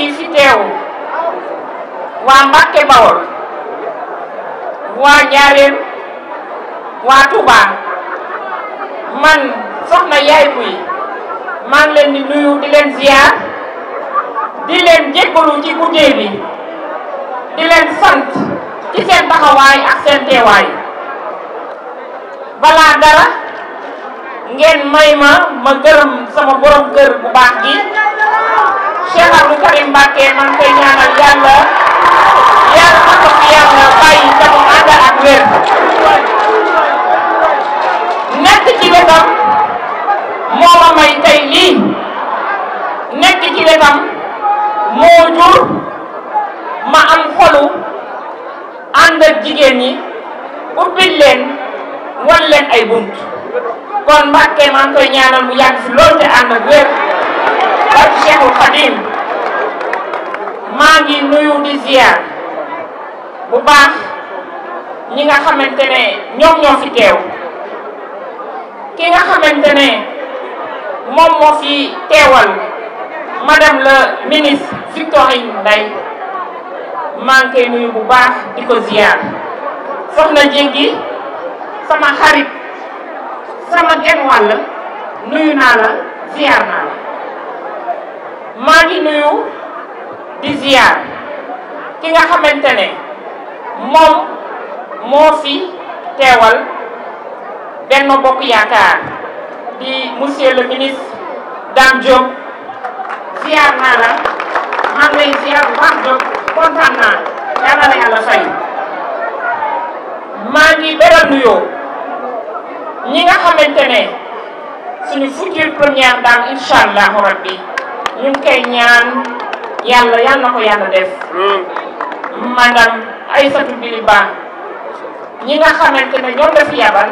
yi fi teew waa Mbàkke Bawol waa Njaareem waa Touba man soxna yaay buy maa leen di nuyu di leen ziar di leen jéggalu ci guddee bi di leen sant ci seen taxawaay ak seen teewaay balaa dara ngeen may ma ma gërëm sama borom kër bu baax gi Cheikh Abdou Karim Mbacké maa ngi koy yang yàlla yàlla ada ko fi yàlla bàyyi te mu ànd ak wér nekk ci wetam moo jur ma am xolu ak ay kon Mbacké maa koy ñaanal mu te ak ak Cheikhul Khadim maa ngi nuyu di ziar bu baax ñi nga xamante ne ñoom ñoo fi teew ki nga xamante ne moom moo fi teewal madame la ministre Victorine Ndeye maa ngi koy nuyu bu baax di ko ziar soxna jéggi sama xarit sama genn wàll nuyu naa la ziar naa la maa ngi nuyu di ziar ki nga xamante ne moom moo fi teewal Benno Bokk Yaakaar di monsieur le ministre Dame Diop ziar naa la maa ngi lay ziar bu baax kontaan naa yàlla na yàlla fay maa ngi beral nuyoo ñi nga xamante ne suñu future première dame incha rabbi ñu ngi koy ñaan yàlla yàlla na ko yàlla def madame Aïssatou Bily Ba ñi nga xamante ne ñoom la fi yabal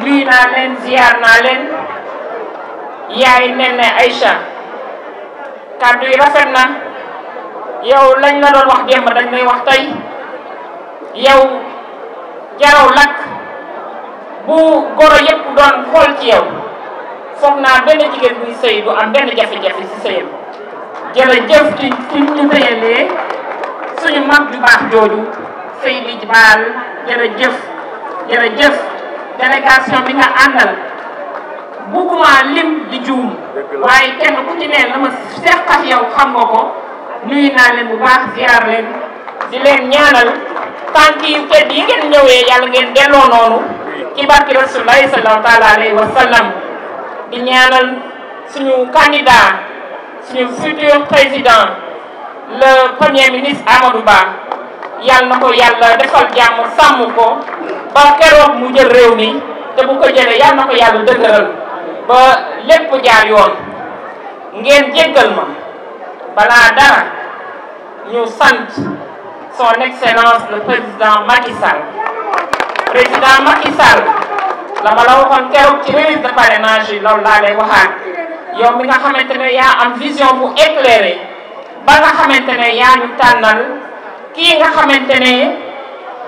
nuyu naa leen ziar naa leen yaay Néné Aïcha kàddu yi rafet na yow lañ la doon wax démb dañ lay wax tey yow jaraw lakk bu goro yépp doon xool ci yow naa benn jigéen buy sëy du am benn jafe-jafe si sëyam jërëjëf ci ci ñu sëyalee suñu mag ju baax jooju sëy bi baal jërëjëf jërëjëf délégation bi nga àndal bugguma lim di juum waaye kenn ku ci la ma seq ak yow xam nga ko nuyu naa leen bu baax ziar leen di leen ñaanal tànk yu tedd yi ngeen ñëwee yàlla ngeen delloo noonu ci barki rasulullahi sallallahu taala alayhi di ñaanal suñu candidat suñu futur président le premier ministre Amadou Ba yàlla na ko yàlla defal jàmm sàmm ko ba keroog mu jël réew mi te bu ko jëlee yàlla na ko yàlla dëgëral ba lépp jaar yoon ngeen jéggal ma balaa dara ñu sant son excellence le président Macky président Macky la ma la waxoon keroog ci remise de parrainage yi loolu laa lay waxaat yow nga xamante ne yaa am vision bu éclairée ba nga xamante ne yaa ñu tànnal kii nga xamante ne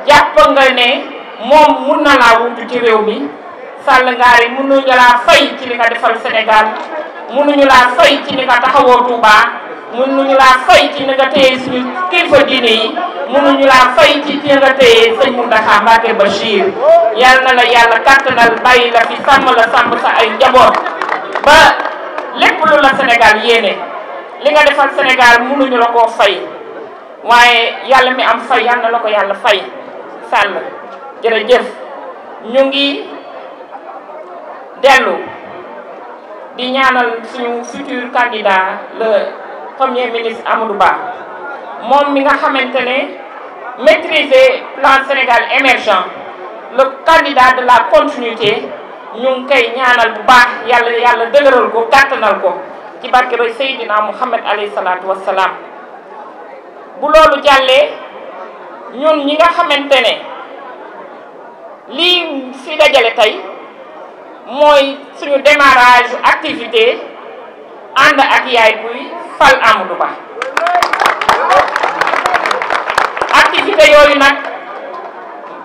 jàpp nga ne moom mun na laa wutu ci réew mi sal Ngaari mënuñu laa fay ci li nga defal Sénégal mënuñu laa fay ci li nga taxawoo mënuñu laa fay ci na nga téye suñu kilifa diine yi mënuñu laa fay ci ci nga téye sëñ Mountakha Mbacké Bachir yal na la yàlla kàttanal bàyyi la fi sàmm la sàmm sa ay njaboot ba lépp lu la Sénégal yéene li nga defal Sénégal mënuñu la koo fay waaye yàlla mi am fay yal na la ko yàlla fay sàll jërëjëf ñu ngi dellu di ñaanal suñu futur candidat le premier ministre Amadou Ba moom mi nga xamante ne maîtriser plan Sénégal émergent la candidat de la continuité ñu ngi koy ñaanal bu baax yàlla yàlla dëgëral ko gàttanal ko ci barke ba Seydina Mouhamed alayhi salaatu wassalaam bu loolu jàllee ñun ñi nga xamante ne lii fi dajale tey mooy suñu démarrage activité ànd ak yaay buy fal Amadou Ba activité yooyu nag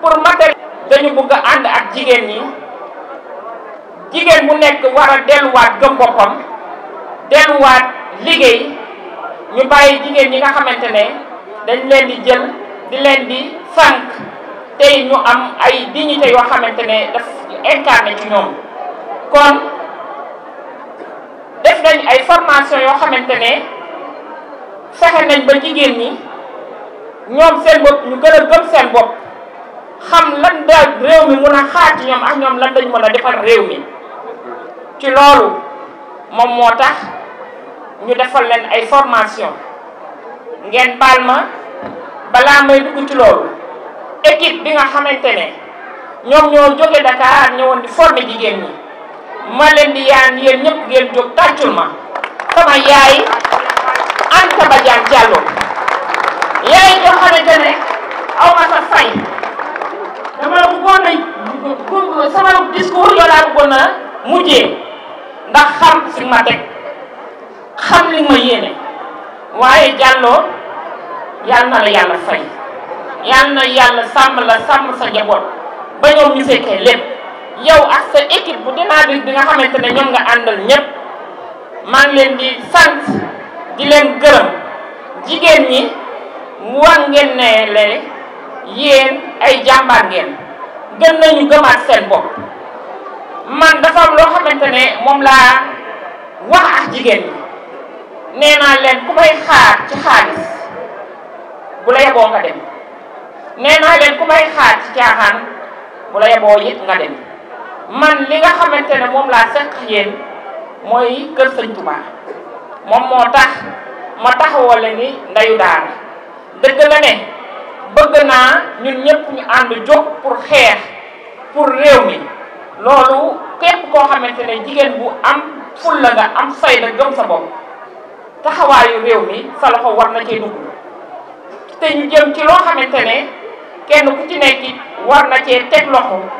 pour matériel dañu bëgg ànd ak jigéen ñi jigéen bu nekk war a delluwaat gëm boppam delluwaat liggéey ñu bàyyi jigéen ñi nga xamante ne dañ leen di jël di leen di sànq tey ñu am ay dignité yoo xamante ne daf incarné ci ñoom kon def nañ ay formation yoo xamante ne fexe nañ ba jigéen ñi ñoom seen bopp ñu gën a gëm seen bopp xam lan da réew mi mun a xaar ci ñoom ak ñoom lan dañ mën a defar réew mi ci loolu moom moo tax ñu defal leen ay formation ngeen baal ma balaa may dugg ci loolu équipe bi nga xamante ne ñoom ñoo jóge Dakar ñëwoon di former jigéen ñi ma leen di yaan jóg tàccul ma sama yaay Anta Badiane yaay yoo xamante ne aw ma sa fay dama bëggoon a sama discours yoo laa bëggoon a mujjee ndax xam si ma xam li ma yéene waaye Diallo yal na la yàlla fay yal na yàlla sàmm la sàmm sa njaboot ba ñoom ñu fekkee lépp yow ak sa équipe bu dynamique bi nga xamante ne ñoom nga àndal ñëpp maa leen di sant di leen gërëm jigéen ñi mu war ngeen ne leen yéen ay jàmbaar ngeen gën nañu gëmaat seen bopp man dafa am loo xamante ne moom laa wax ak jigéen ñi nee naa leen ku may xaar ci xaalis bu la yeboo nga dem nee leen ku may xaar ci caaxaan bu la yeboo it nga dem man li nga xamante ne moom laa seq yéen mooy kër sëñ Touba moom moo tax ma taxawal ni ndeyu daara dëgg la ne bëgg naa ñu ñëpp ñu ànd jóg pour xeex pour réew mi loolu kenn koo xamante ne jigéen bu am ful la nga am say fayda gëm sa bopp taxawaayu réew mi sa loxo war na cee dugg te ñu jëm ci loo xamante ne kenn ku ci nekk war na cee teg loxo.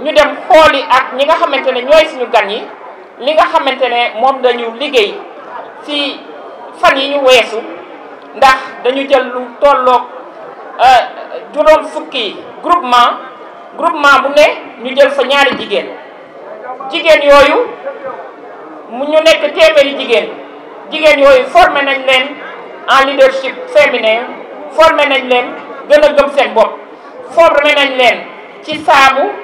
ñu dem xooli ak ñi nga xamante ne ñooy suñu gan yi li nga xamante ne moom dañu liggéey ci fan yi ñu weesu ndax dañu jël lu tolloog euh, juróom fukki groupement groupement bu ne ñu jël fa ñaari jigéen jigéen yooyu mu ñu nekk téeméeri jigéen jigéen yooyu formé nañ leen en leadership féminin forme nañ leen gën a gëm seen bopp formé nañ leen ci saabu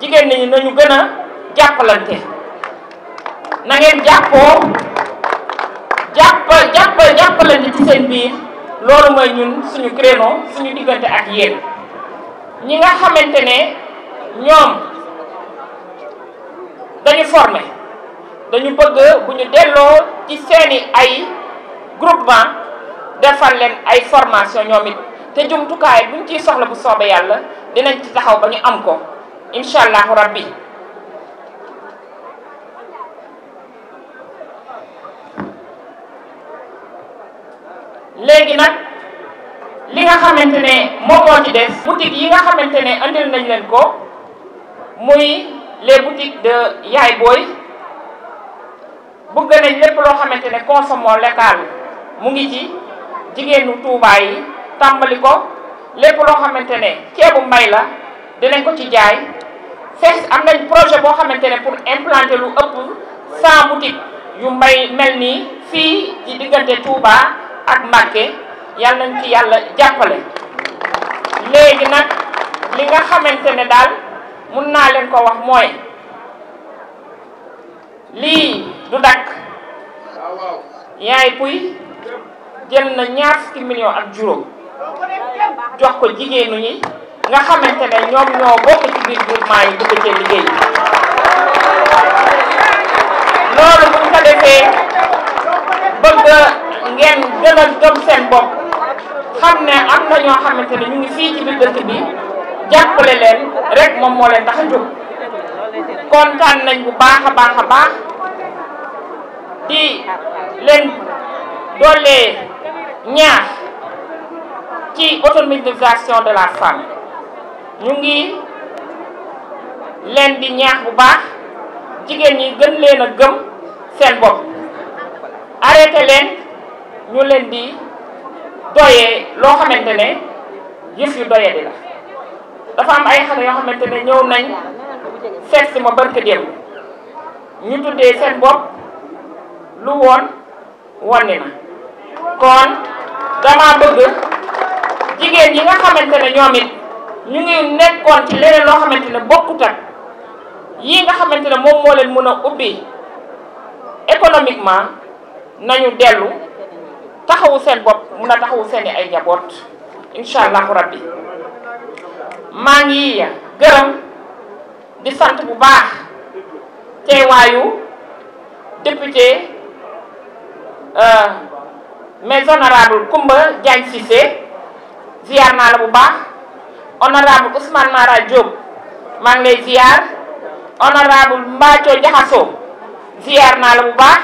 jigéen ñi nañu gën a jàppalante na ngeen jàppoo jàppal jàppal jàppalante ci seen biir loolu mooy ñun suñu créneau suñu diggante ak yéen ñi nga xamante ne ñoom dañu formé dañu bëgg bu ñu delloo ci seeni ay groupement defal leen ay formation ñoom it te jumtukaay bu ñu ciy soxla bu soobee yàlla dinañ ci taxaw ba ñu am ko incha allahu rabbi léegi nag li nga xamante ne moom moo ci des boutique yi nga xamante ne andil nañ leen ko muy les boutiques de Yaay Boy bëgg nañ lépp loo xamante ne consommons local mu ngi ci jigéenu Touba yi tàmbali ko lépp loo xamante ne ceebu mbay la dinañ ko ci jaay sees am nañ projet boo xamante ne pour implanter lu ëpp 100 boutiques yu may mel nii fii ci diggante Touba ak Mbacké yàlla nañ ci yàlla jàppale léegi nag li nga xamante ne daal mun naa leen ko wax mooy lii du dakk yaay puy jël na ñaar fukki millions ak juróom jox ko jigéenu ñi nga xamante ne ñoom ñoo bokk ci biir groupement yi bëgg cee liggéey loolu bu ñu ko defee bëgg ngeen gën a seen bopp xam ne am na ñoo xamante ne ñu ngi fii ci dëkk bi jàppale leen rek moom moo leen tax a jóg kontaan nañ bu baax a baax a baax di leen doolee ñaax ci autonomisation de la femme ñu ngi leen di ñaax bu baax jigéen ñi gën leen a gëm seen bopp arrêté leen ñu leen di doyee loo xamante ne yëf yu doyee di dafa am ay xale yoo xamante ne ñëw nañ seet si ma barke démb ñu tuddee seen bopp lu woon wonni na kon dama bëgg jigéen yi nga xamante ne ñoom it ñu ngi nekkoon ci leneen loo xamante ne bokkut ak yii nga xamante ne moom moo leen mën a ubbi économiquement nañu dellu taxawu seen bopp mun a taxawu seen i ay njaboot incha allahu rabbi maa ngi gërëm di sant bu baax teewaayu député euh, mes honorables Koumba Diagne Cissé ziar naa la bu baax. honorable Ousmane Mara Diop maa ngi honorable Mbathio Diakhasso ziar naa la bu baax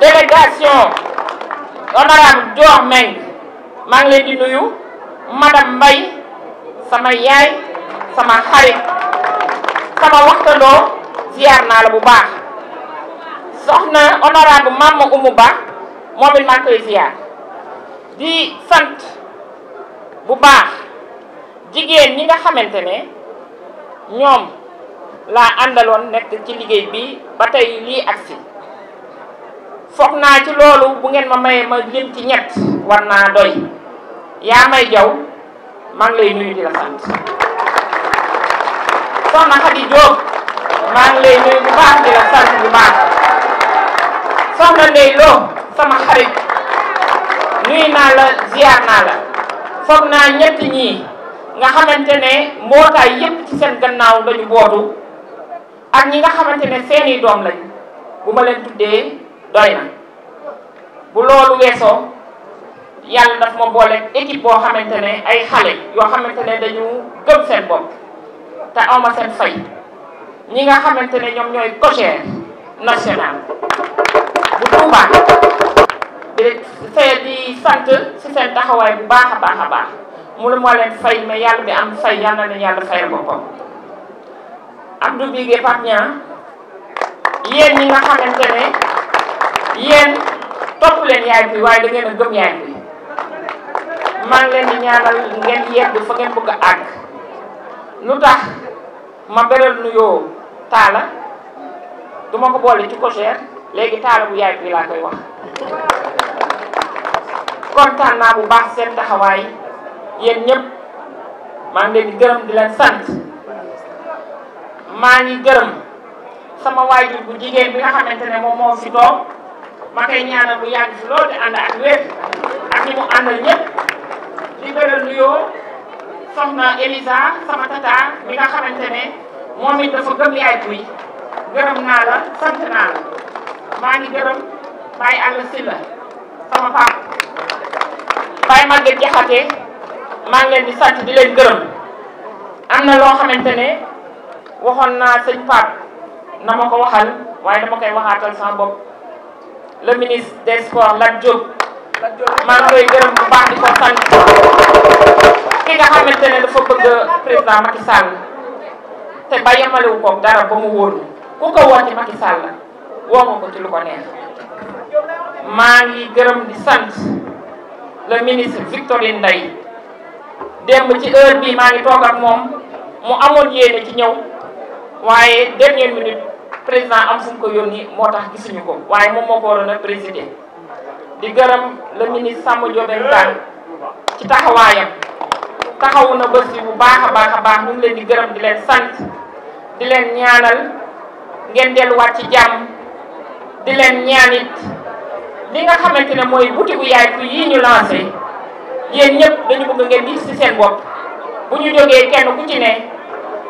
délégation honorable Dior Meng maa ngi leen di nuyu madame Mbaye sama yaay sama xarit sama waxtandoo ziar naa la bu baax soxna honorable Mama Oumou Ba moom it maa ngi koy di sant bu baax jigéen ñi nga xamante ne ñoom laa àndaloon nekk ci liggéey bi ba tey lii agsi foog naa ci loolu bu ngeen ma mayee ma lim ci ñett war naa doy yaa may jaw maa ngi lay nuyu di la sant soxna Xadi Jóob maa ngi lay nuyu bu baax di la sant bu baax soxna Ndey Loo sama xarit nuyu naa la ziar naa la foog naa ñett ñii nga xamante ne mbootaay yépp ci seen gannaaw lañu bootu ak ñi nga xamante ne seeni doom lañ bu ma leen tuddee doy na bu loolu weesoo yàlla daf ma boole équipe boo xamante ne ay xale yoo xamante ne dañu gëm seen bopp te awma seen fay ñi nga xamante ne ñoom ñooy cocher national bu Touba di di sant ci seen taxawaay bu baax a baax a baax mu ne moo leen fay mais yàlla bi am fay yàlla na leen yàlla fayal boppam Abdou Bigué Patña yéen ñi nga xamante ne yéen topp leen yaay bi waaye da ngeen gëm yaay bi maa ngi leen di ñaanal ngeen yegg fa ngeen bëgg a lu tax ma beral nuyoo taala du ma ko boole ci cogère léegi taala bu yaay bi laa koy wax kontaan naa bu baax seen taxawaay yéen ñëpp maa ngi leen gërëm di leen sant maa ngi gërëm sama waajur bu jigéen bi nga xamante ne moom moo si toog ma koy ñaanal bu yàgg si loolu di ànd ak wér ak ñi mu àndal ñëpp di gërëm nuyoo soxna Elisa sama tata bi nga xamante ne moom it dafa gëm yaay kuy gërëm naa la sant naa la maa ngi gërëm bàyyi àll si la sama papa bàyyi Maguette Diakhaté maa ngi sant di leen gërëm na loo xamante ne waxoon naa sëñ Pape na ma ko waxal waaye dama koy waxaatal sama bopp le ministre des sports Lat Diop koy gërëm bu baax di sant ba yemalewu ko ba mu wóor ku ko woo ci la ngi gërëm di sant le ministre Victorine Ndeye démb ci heure bi maa ngi toog moom mu amoon yéene ci ñëw waaye dernière minute président am fu mu ko yónni moo tax gisuñu ko waaye moom moo ko waroon a présider di gërëm le ministre sàmm Ndiobène Kane ci taxawaayam taxawu na bés bi bu baax a baax a baax ñu ngi leen di gërëm di leen sant di leen ñaanal ngeen delluwaat ci jàmm di leen ñaan it li nga xamante ne mooy boutique yaay ku yii ñu lancé yéen ñëpp dañu bëgg ngeen gis ci seen bopp bu ñu jógee kenn ku ci ne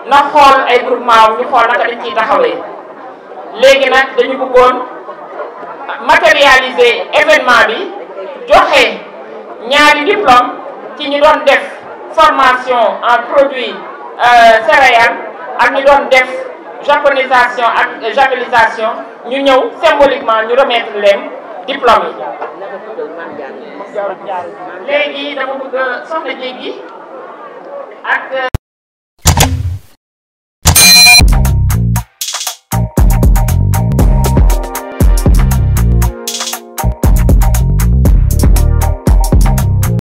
na xool ay groupement ñu xool naka dañ ciy taxawee léegi nag dañu bëggoon matérialiser événement bi joxe ñaari diplôme ci ñu doon def formation en produit euh, céréales ak ñu doon def japonisation ak javelisation ñu ñëw symboliquement ñu remettre leen diplôme yi léegi dama bëgg soxna jéeg